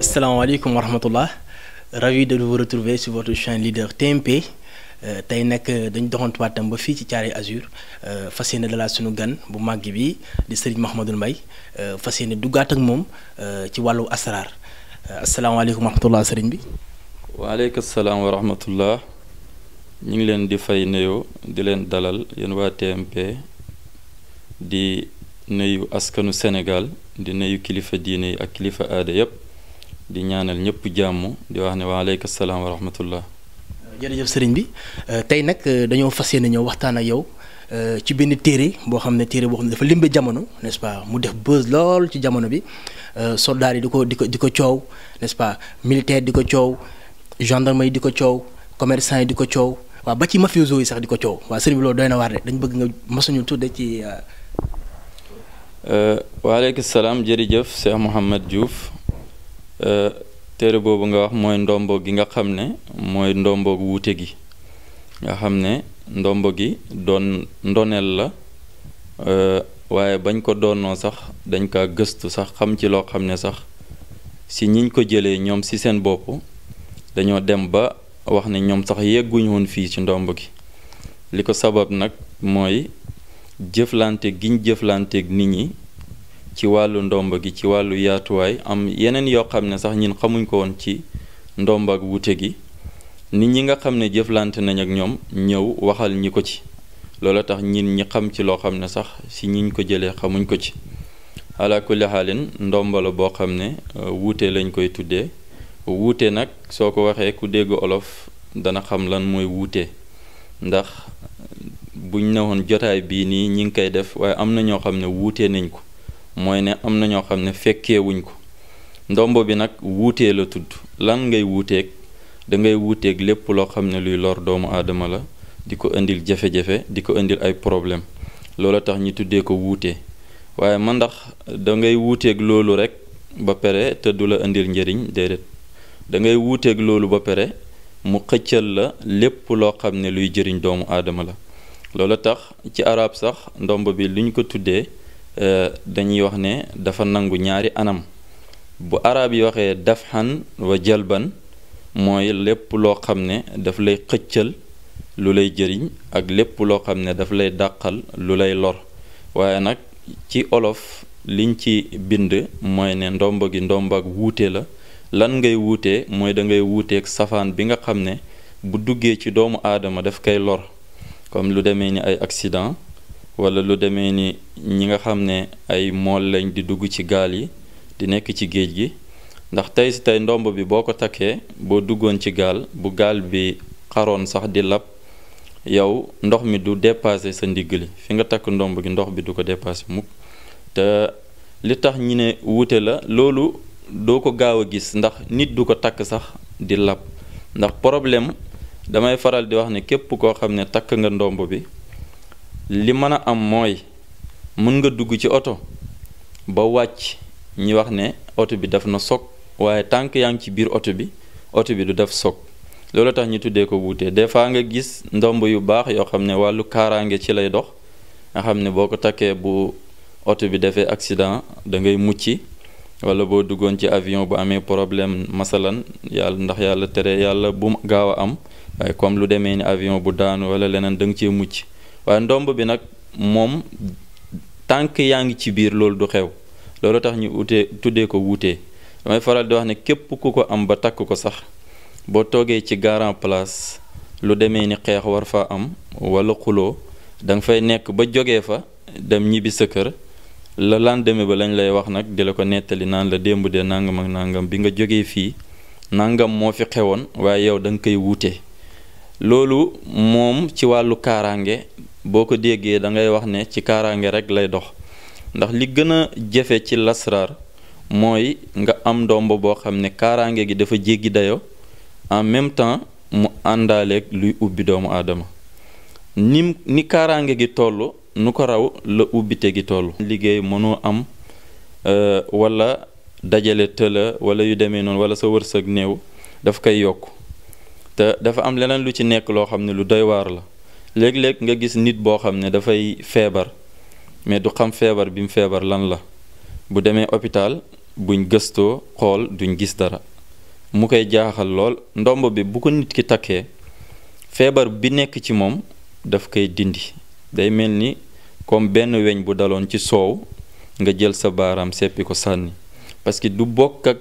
Salam alaikum wa rahmatullah. Ravi de vous retrouver sur votre chaîne leader TMP. Euh, Tay nak euh, dañ doxantuwaat tam ba fi ci Azur euh, fasciné de la sunu gan bu màgg bi di Serigne Mahamadou Mbaye fas yéene ak moom ci asrar. asraar asalaamaaleykum wa rahmatullah Serigne bi. assalam wa rahmatullah ñu ngi leen di fay neyo, di leen dalal yéen wa TMP di nuyu askanu Sénégal di nuyu kilifa diine ak kilifa aada yëpp. di ñaanal ñëpp jàmm di wax ne wa salaam wa rahmatullah. jërëjëf sëriñ bi euh, tey nag euh, dañoo fas yéene ñëw waxtaan ak yow euh, ci benn téere boo xam ne téere boo xam ne dafa limbe jamono n'est-ce mu def buzz lool ci jamono bi soldaar yi di ko di ko di ko coow nest pa pas militaire di ko coow gendarme yi di ko coow commercant yi di ko coow waa ba ci mafioso yi sax di ko coow waa sëriñ bi loolu doy na waar de dañ bëgg nga masuñu tudde ci. waaleykum salaam jërëjëf Cheikh Mouhamed Euh, téere boobu nga wax mooy ndombo gi nga xam ne mooy ndombo gu wuute gi nga xam ne ndombo gi doon ndoneel la euh, waaye bañ ko doonoo sax dañ kaa gëstu sax xam ci loo xam ne sax si ñiñ ko jëlee ñoom si seen bopp dañoo dem ba wax ne ñoom sax yegguñu woon fii ci ndombo gi li ko sabab nag mooy jëflante giñ jëflanteeg nit ñi ci wàllu ndomb gi ci wàllu yaatuwaay am yeneen yoo xam ne sax ñun xamuñ ko woon ci ndomb wuute gi nit ñi nga xam ne jëflante nañ ak ñoom ñëw waxal ñi ko ci loola tax ñin ñi xam ci loo xam ne sax si ñiñ ko jëlee xamuñ ko ci ala kulli xaalin boo xam ne euh, wuute lañ koy tuddee wuute nag soo ko waxee ku dégg olof dana xam lan mooy wuute ndax buñ ne woon jotaay bii nii ñi ngi koy def waaye am na ñoo xam ne wuute nañ ko mooy ne am na ñoo xam ne fekkeewuñ ko ndombo bi nag wuutee la tudd lan ngay wuuteeg da ngay wuuteeg lépp loo xam ne luy lor doomu aadama la di ko indil jafe-jafe di ko indil ay problème loola tax ñi tuddee ko wuutee waaye man ndax da ngay wuuteeg loolu rek ba pere te du la indil njëriñ déedéet da ngay wuuteeg loolu ba pere mu xëccal la lépp loo xam ne luy jëriñ doomu aadama la loola tax ci arab sax ndomb bi luñ ko tuddee Euh, dañuy wax ne dafa nangu ñaari anam bu arab yi waxee dafxan wa jalban mooy lépp loo xam ne daf lay xëccal lu lay jëriñ ak lépp loo xam ne daf lay dàqal lu lay lor waaye nag ci olof liñ ci bind mooy ne ndomba gi ndomba ak wuute la lan ngay wuutee mooy da ngay wuuteeg safaan bi nga xam ne bu duggee ci doomu aadama daf koy lor comme lu demee ni ay accident wala lu demee ni ñi nga xam ne ay mool lañ di dugg ci gaal yi di nekk ci géej gi ndax tey si tey ndomb bi boo ko takkee boo duggoon ci gaal bu gaal bi xaroon sax di lab yow ndox mi du dépasser sa ndigg li fi nga takk ndomb gi ndox bi du ko dépasser mukk te li tax ñu ne wuute la loolu doo ko gaaw a gis ndax nit du ko takk sax di lab ndax problème damay faral di wax ne képp koo xam ne takk nga ndomb bi li mën a am mooy mën nga dugg ci oto ba wàcc ñi wax ne oto bi daf na sog waaye tànk yaa ngi ci biir oto bi oto bi du def sog loolu tax ñu tuddee ko wuutee des fois nga gis ndomb yu baax yoo xam ne wàllu kaaraange ci lay dox nga xam ne boo ko takkee bu oto bi defee accident dangay ngay mucc wala boo duggoon ci avion bu amee problème masalan yàlla ndax yàlla tere yàlla bu gaaw a am waaye comme lu demee ni avion bu daanu wala leneen da nga cee mucc waaye ndomb bi nag moom tànk yaa ngi ci biir loolu du xew loolu tax ñu utee tuddee ko wuutee damay faral di wax ne képp ku ko am ba takk ko sax boo toogee ci grand place lu demee ni xeex war fa am wala xuloo da fay nekk ba jógee fa dem ñibbi sa kër la lendemain ba lañ lay wax nag di la ko nettali naan la démb de nangam ak nangam bi nga jógee fii nangam moo fi xewoon waaye yow danga koy wuute loolu moom ci wàllu kaaraange boo ko déggee da ngay wax ne ci kaaraange rek lay dox ndax li gën a jafe ci lasraar mooy nga am ndomb boo xam ne kaaraange gi dafa jéggi dayo en même temps mu àndaaleeg luy ubbi doomu aadama ni ni kaaraange gi toll nu ko raw la ubbite gi toll liggéey mënoo am euh, wala dajale tëla wala yu demee noonu wala sa wërsëg néew daf koy yokk te dafa am leneen lu ci nekk loo xam ne lu doy waar la léeg-léeg nga gis nit boo xam ne dafay feebar mais du xam feebar bi mu feebar lan la bu demee hôpital buñ gëstoo xool duñ gis dara mu koy jaaxal lool ndomb bi bu ko nit ki takkee feebar bi nekk ci moom daf koy dindi day mel ni comme benn weñ bu daloon ci soow nga jël sa baaraam seppi ko sànni parce que du bokk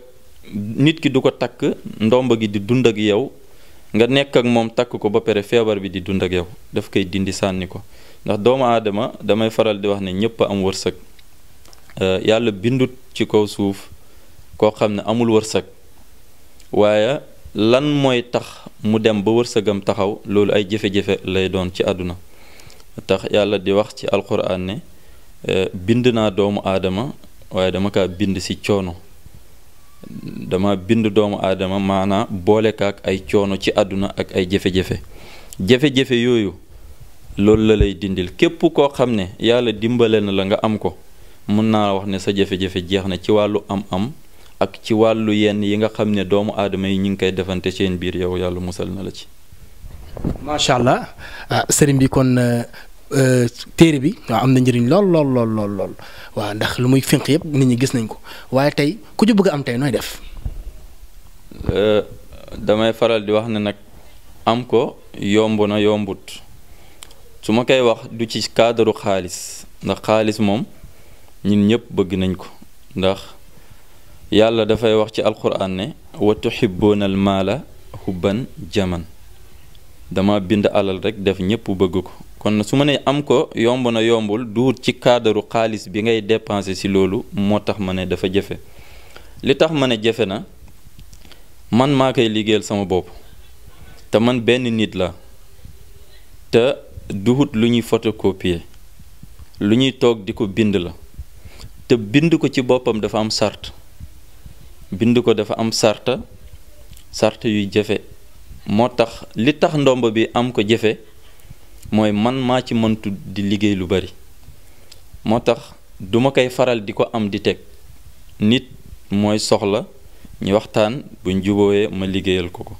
nit ki du ko takk ndomb gi di dund ak yow nga nekk ak moom takk ko ba pare feebar bi di dund ak yow daf koy dindi sànni ko ndax doomu aadama damay faral di wax ne ñëpp am wërsëg euh, yàlla bindut ci kaw suuf koo xam ne amul wërsëg waaye lan mooy tax mu dem ba wërsëgam taxaw loolu ay jafe-jafe lay doon ci àdduna tax yàlla di wax ci alquran ne euh, bind naa doomu aadama waaye dama kaa bind si coono dama bind doomu aadama maanaa boole ka ak ay coono ci àdduna ak ay jafe-jafe jafe-jafe yooyu loolu la lay dindil képp koo xam ne yàlla dimbale na la nga am ko mën naa wax ne sa jafe-jafe jeex na ci wàllu am-am ak ci wàllu yenn yi nga xam ne doomu aadama yi ñu ngi koy defante seen biir yow yàlla musal na la ci. macha allah ah, sëriñ Euh, téere bi waaw am na njëriñ lool lool lool lool lool waaw ndax lu muy finq yëpp nit ñi gis nañ ko waaye tey ku ci bëgg am tey nooy def. Euh, damay faral di wax ne nag am ko yomb na yombut su ma koy wax du ci kaadaru xaalis ndax xaalis moom ñun ñëpp bëgg nañ ko ndax yàlla dafay wax ci alquran ne wa tuhibbuuna al maala hubban jaman dama bind alal rek def ñépp bëgg ko kon su ma ne am ko yomb na yombul duut ci kaadaru xaalis bi ngay dépenser si loolu moo tax ma ne dafa jafe li tax ma ne jafe na man maa koy liggéeyal sama bopp te man benn nit la te duut lu ñuy photocopier lu ñuy toog di ko bind la te bind ko ci boppam dafa am sart bind ko dafa am sarta sart yuy jafe moo tax li tax ndomb bi am ko jafe mooy man maa ci mëntu di liggéey lu bari moo tax duma koy faral di ko am di teg nit mooy soxla ñu waxtaan buñ jubowee ma liggéeyal ko ko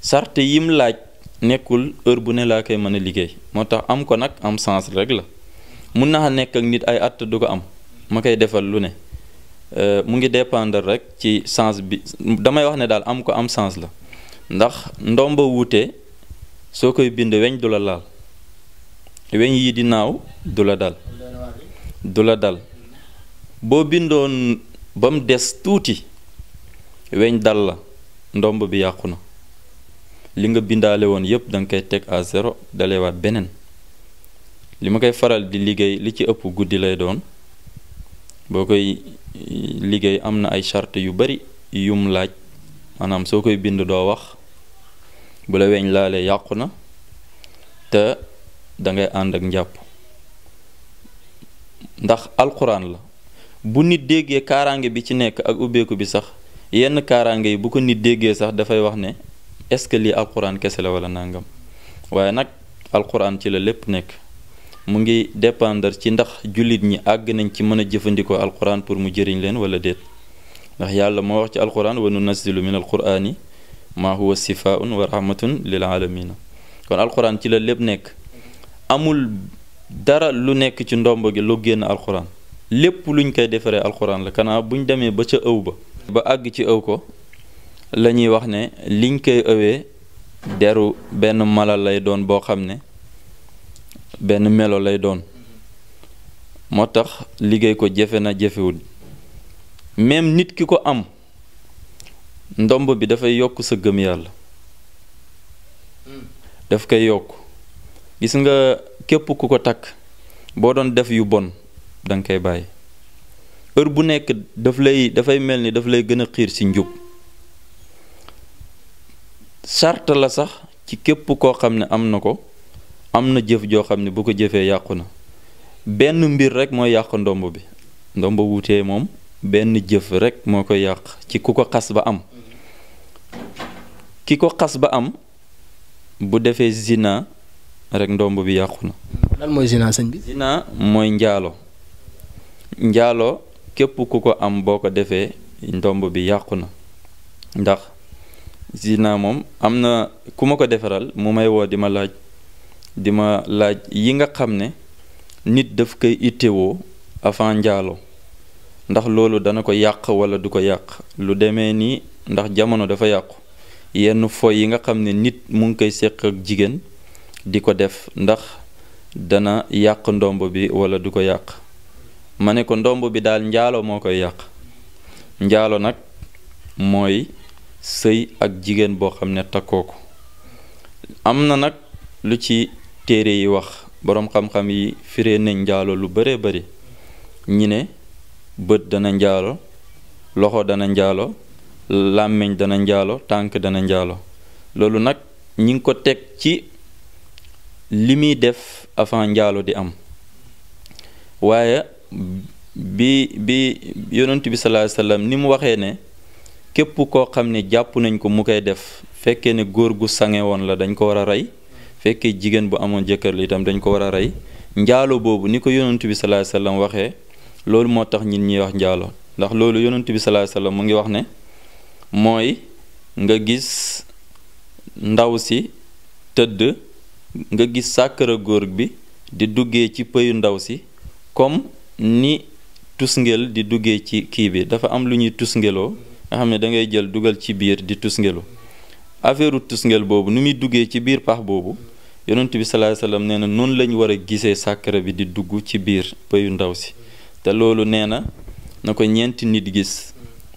sarte yim laaj nekkul heure bu ne laa koy mën a liggéey moo tax am ko nag am sens rek la mun naa nekk ak nit ay at du ko am ma koy defal lu ne euh, mu ngi dépendre rek ci sens bi damay wax ne daal am ko am sens la ndax ndomba wuute soo koy bind weñ du la laal weñ yi di naaw du la dal du la dal boo bindoon ba des tuuti weñ dal la ndomb bi yàqu na li nga bindaale woon yépp danga nga koy teg à zéro dalewaat beneen li ma koy faral di liggéey li ci ëpp guddi lay doon boo koy liggéey am na ay charte yu bari yum laaj maanaam soo koy bind doo wax bu la weñ laalee yàqu na te da ngay ànd ak njàpp ndax alxuraan la bu nit déggee kaaraange bi ci nekk ak ubbeeku bi sax yenn kaaraange yi bu ko nit déggee sax dafay wax ne est-ce que lii alxuraan kese la wala nangam waaye nag alxuraan ci la lépp nekk mu ngi depender ci ndax jullit ñi àgg nañ ci mën a jëfandikoo alxuraan pour mu jëriñ leen wala déet ndax yàlla moo wax ci alxuraan wa nunazzilu min alquraani maa huwa sifaun wa rahmatun lil alamina kon alxuraan ci la lépp nekk amul dara lu nekk ci ndomb gi lu génn alxuraan lépp luñ koy defaree alxuraan la kanaa ñu demee ba ca ëw ba ba àgg ci ëw ko la ñuy wax ne liñ koy ëwee deru benn mala lay doon boo xam ne benn melo lay doon moo tax liggéey ko jafe na jafewul même nit ki ko am ndomb bi dafay yokk sa gëm yàlla hmm. daf koy yokk gis nga képp ku ko takk boo doon def yu bon da nga koy bàyyi heure bu nekk daf lay dafay mel ni daf lay gën a xiir si njub sart la sax ci képp koo xam ne am na ko am na jëf joo xam ne bu ko jëfee yàqu na benn mbir rek mooy yàq ndomb bi ndomb wutee moom benn jëf rek moo koy yàq ci ku ko xas ba am ki ko xas ba am bu defee zina rek ndomb bi yàqu na. lan mooy zina mooy njaalo njaalo képp ku ko am boo ko defee ndomb bi yàqu na ndax zina moom am na ku ma ko defaral mu may woo di ma laaj di ma laaj yi nga xam ne nit daf koy ittewoo avant njaalo ndax loolu dana ko yàq wala du ko yàq lu demee nii ndax jamono dafa yàqu yenn foy yi nga xam ne nit mu ngi koy seq ak jigéen. di ko def ndax dana yàq ndomb bi wala du ko yàq ma ne ko ndomb bi daal njaalo moo koy yàq njaalo nag mooy sëy ak jigéen boo xam ne takkoo ko am na nag lu ci téere yi wax borom xam-xam yi firee nañ njaalo lu bëree bëri ñi ne bët dana njaalo loxo dana njaalo làmmeñ dana njaalo tànk dana njaalo loolu nag ñi ngi ko teg ci li muy def avant njaalo di am waaye bi bi yonent bi sallallahu alayhi sallam ni mu waxee ne képp koo xam ne jàpp nañ ko mu koy def fekkee ne góor gu sange woon la dañ ko war a rey fekkee jigéen bu amoon jëkkër li itam dañ ko war a rey njaalo boobu ni ko yonent bi sallallahu alayhi wa waxee loolu moo tax ñi ñiy wax njaalo ndax loolu yonent bi sallallahu alayhi mu ngi wax ne mooy nga gis ndaw si tëdd nga gis sàkkara góor bi di duggee ci pëyu ndaw si comme ni tusngel di duggee ci kii bi dafa am lu ñuy tusngeloo nga xam ne dangay jël dugal ci biir di tusngelu affaire tusngel boobu nu muy duggee ci biir pax boobu yonent bi sallallahu alayhi wasallam nee na noonu lañ war a gisee sàkkara bi di dugg ci biir pëyu ndaw si te loolu nee na na ko ñeenti nit gis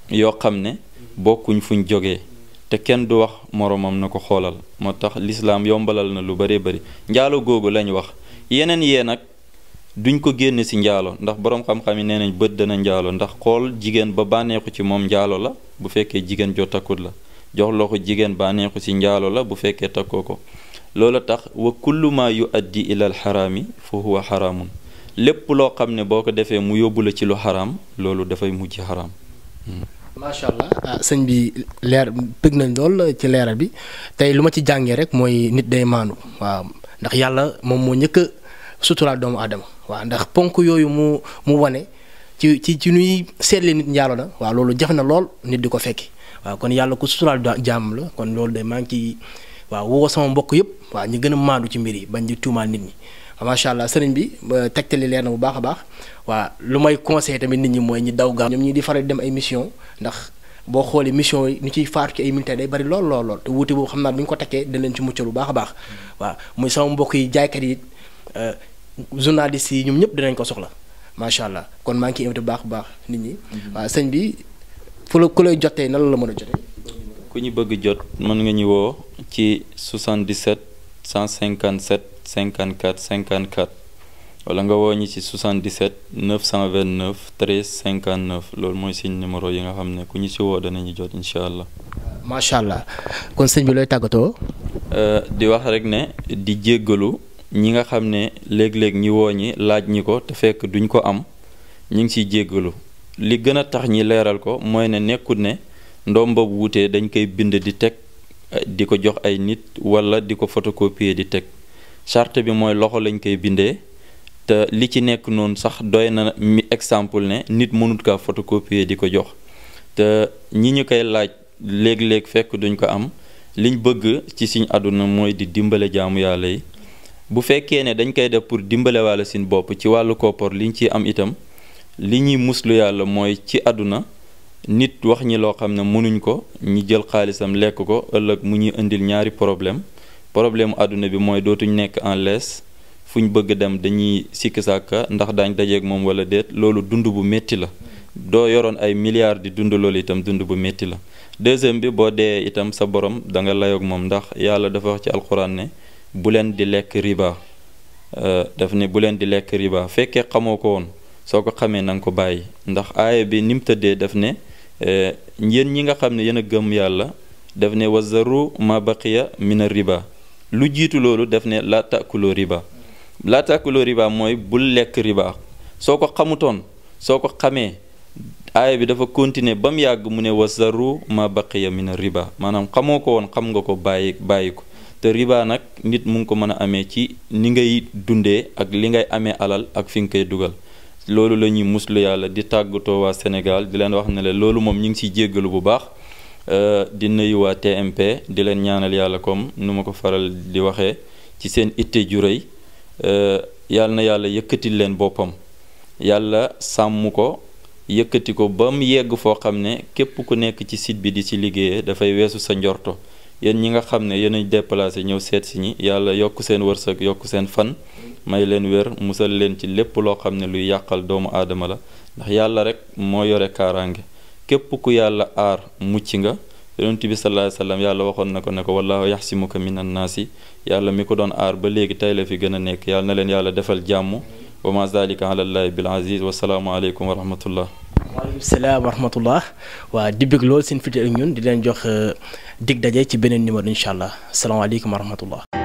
yoo xam ne bokkuñ fu fuñ jógee te kenn du wax moroomam na ko xoolal moo tax lislaam yombalal na lu bëree bëri njaalo googu lañ wax yeneen yee nag duñ ko génn ci njaalo ndax boroom xam-xam yi nee nañ bët dana njaalo ndax xool jigéen ba bànneexu ci moom njaalo la bu fekkee jigéen joo la jox loxo jigéen bànneexu ci njaalo la bu fekkee takkoo ko loola tax wa kullu ma yu addi ilal xaraami fa huwa xaraamun lépp loo xam ne boo ko defee mu yóbbu la ci lu xaraam loolu dafay mujj xaraam hmm. macha allah ah, sëñ bi leer bëgg na lool ci leeral bi tey lu ma ci jàngee rek mooy nit day maandu waaw ndax yàlla moom moo njëkk a suturaal doomu aadama waa ndax ponk yooyu mu mu wane ci ci ci nuy seetle nit njaalo na waaw loolu jafe na lool nit di ko fekki waaw kon yàlla ku suturaal jàmm la kon loolu day maa ngi ci waaw woo sama mbokk yëpp waa ñu gën a maandu ci mbir yi bañ di tuumaal nit ñi. macha allah sëriñ bi tegtali leer na bu baax a baax waa lu may conseil tamit nit ñi mooy ñi daw gaaw ñoom ñi di faral dem ay mission ndax boo xoolee mission yi ñu ciy faatu ci ay militaire day bari lool lool lool te wuute boobu xam naa bu ñu ko tekkee dañ leen ci muccal bu baax a baax mm. waaw muy sama mbokk yi jaaykat yi euh, journalistes yi ñoom ñëpp dinañ ko soxla macha allah kon maa ngi ciy invité baax a baax nit ñi. Mm-hmm. waa sëñ bi fu la ku lay jotee nan la la mën a jotee. ku ñu bëgg jot mën nga ñu woo ci 77 157. 54 54 wala nga woo ñi ci 77 929 13 59 loolu mooy suñ numéro yi nga xam ne ku ñu ci woo danañu jot incha allah. macha allah kon sëñ bi looy tàggatoo. Euh, di wax rek ne di jéggalu ñi nga xam ne léeg-léeg ñi woo ñi laaj ñi ko te fekk duñ ko am ñu ngi ciy jéggalu li gën a tax ñi leeral ko mooy ne nekkul ne ndoom boobu wutee dañ koy bind di teg di ko jox ay nit wala di ko photocopier di teg. charte bi mooy loxo lañ koy bindee te li ci nekk noonu sax doy na mi exemple ne nit mënut kaa photocopier di ko jox te ñi ñu koy laaj léeg-léeg fekk duñ ko am liñ bëgg ci suñ àdduna mooy di dimbale jaamu yàlla yi bu fekkee ne dañ koy def pour dimbale wàlla sin bopp ci wàllu koppar liñ ciy am itam li ñuy muslu yàlla mooy ci àdduna nit wax ñi loo xam ne mënuñ ko ñu jël xaalisam lekk ko ëllëg mu ñuy indil ñaari problème problème àdduna bi mooy dootuñ nekk en les fu ñu bëgg dem dañuy sikk sàkka ndax daañ dajeeg moom wala déet loolu dund bu métti la doo yoroon ay milliards di dund loolu itam dund bu métti la deuxième bi boo dee itam sa borom danga nga layoog moom ndax yàlla dafa wax ci alxuraan ne bu leen di lekk riba euh, daf ne bu leen di lekk fekkee xamoo ko woon soo ko xamee nanga ko bàyyi ndax aaya bi ni mu tëddee daf ne euh, yéen ñi nga xam ne yéen a gëm yàlla daf ne wazaru ma baqiya mina riba lu jiitu loolu def ne la tàkkuloo riba la tàkkuloo riba mooy bul lekk riba soo ko xamutoon soo ko xamee aaya bi dafa continuer ba mu yàgg mu ne wazaru ma baqiya min riba maanaam xamoo ko woon xam nga ko bàyyi bàyyi ko te riba nag nit mu ngi ko mën a amee ci ni ngay dundee ak li ngay amee alal ak fi nga koy dugal loolu la ñuy muslu yàlla di tàggatoo waa Sénégal di leen wax ne la loolu moom ñu ngi siy jéggalu bu baax Euh, di nuyu waa TMP di leen ñaanal yàlla comme nu ma ko faral di waxee ci seen itte ju rëy euh, yàlla na yàlla yëkkatil leen boppam yàlla sàmm ko yëkkati ko ba mu yegg foo xam ne képp ku nekk ci site bi di si liggéeyee dafay weesu sa njorto yéen ñi nga xam ne yéen a déplacé ñëw seet si ñi yàlla yokk seen wërsëg yokk seen fan may leen wér musal leen ci lépp loo xam ne luy yàqal doomu aadama la ndax yàlla rek moo yore kaaraange képp ku yàlla aar mucc nga yonent bi sallallahu alayhi wasallam yàlla waxoon na ko ne ko wallaahu yaxsimuka minan naasi yàlla mi ko doon aar ba léegi tey la fi gën a nekk yàlla na leen yàlla defal jàmm wa ma zalika ala llahi bil aziz wasalaamualeykum wa rahmatullah waaleykum salaam wa rahmatullah waa di bëgg lool seen fiti ak ñun di leen jox euh, dig daje ci beneen numéro incha allah salaamaaleykum wa rahmatullah